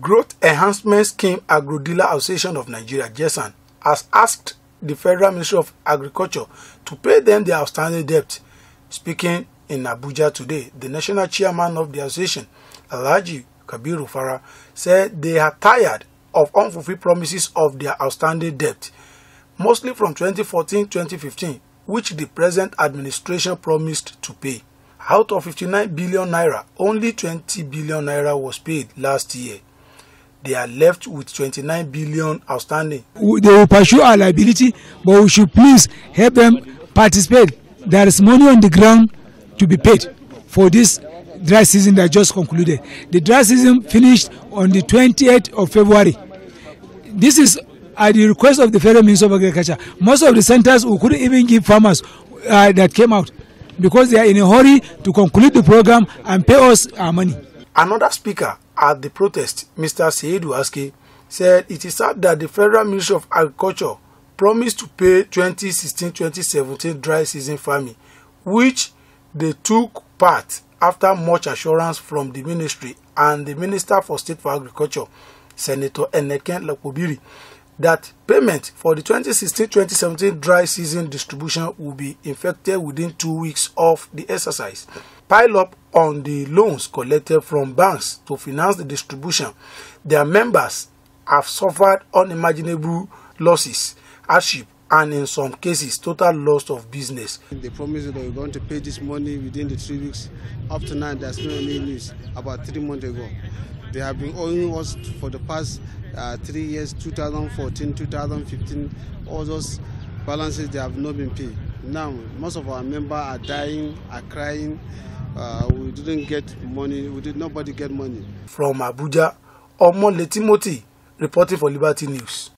Growth Enhancement Scheme Agro Dealer Association of Nigeria, GESAN, has asked the Federal Ministry of Agriculture to pay them their outstanding debt. Speaking in Abuja today, the national chairman of the association, Alaji Kabiru Farah, said they are tired of unfulfilled promises of their outstanding debt, mostly from 2014-2015, which the present administration promised to pay. Out of 59 billion naira, only 20 billion naira was paid last year they are left with 29 billion outstanding. They will pursue our liability, but we should please help them participate. There is money on the ground to be paid for this dry season that just concluded. The dry season finished on the 28th of February. This is at the request of the Federal Minister of Agriculture. Most of the centers we couldn't even give farmers uh, that came out because they are in a hurry to conclude the program and pay us our money. Another speaker at the protest, Mr. Seidu Aske said it is sad that the Federal Ministry of Agriculture promised to pay 2016-2017 dry season farming, which they took part after much assurance from the ministry and the Minister for State for Agriculture, Senator Eneken Lakobiri, that payment for the 2016-2017 dry season distribution will be effected within two weeks of the exercise. pile up on the loans collected from banks to finance the distribution. Their members have suffered unimaginable losses, hardship, and in some cases, total loss of business. They promised that we were going to pay this money within the three weeks. Up to now, there's no any news about three months ago. They have been owing us for the past uh, three years, 2014, 2015, all those balances they have not been paid. Now, most of our members are dying, are crying. uh, we didn't get money. We did nobody get money. From Abuja, Omole Timothy reporting for Liberty News.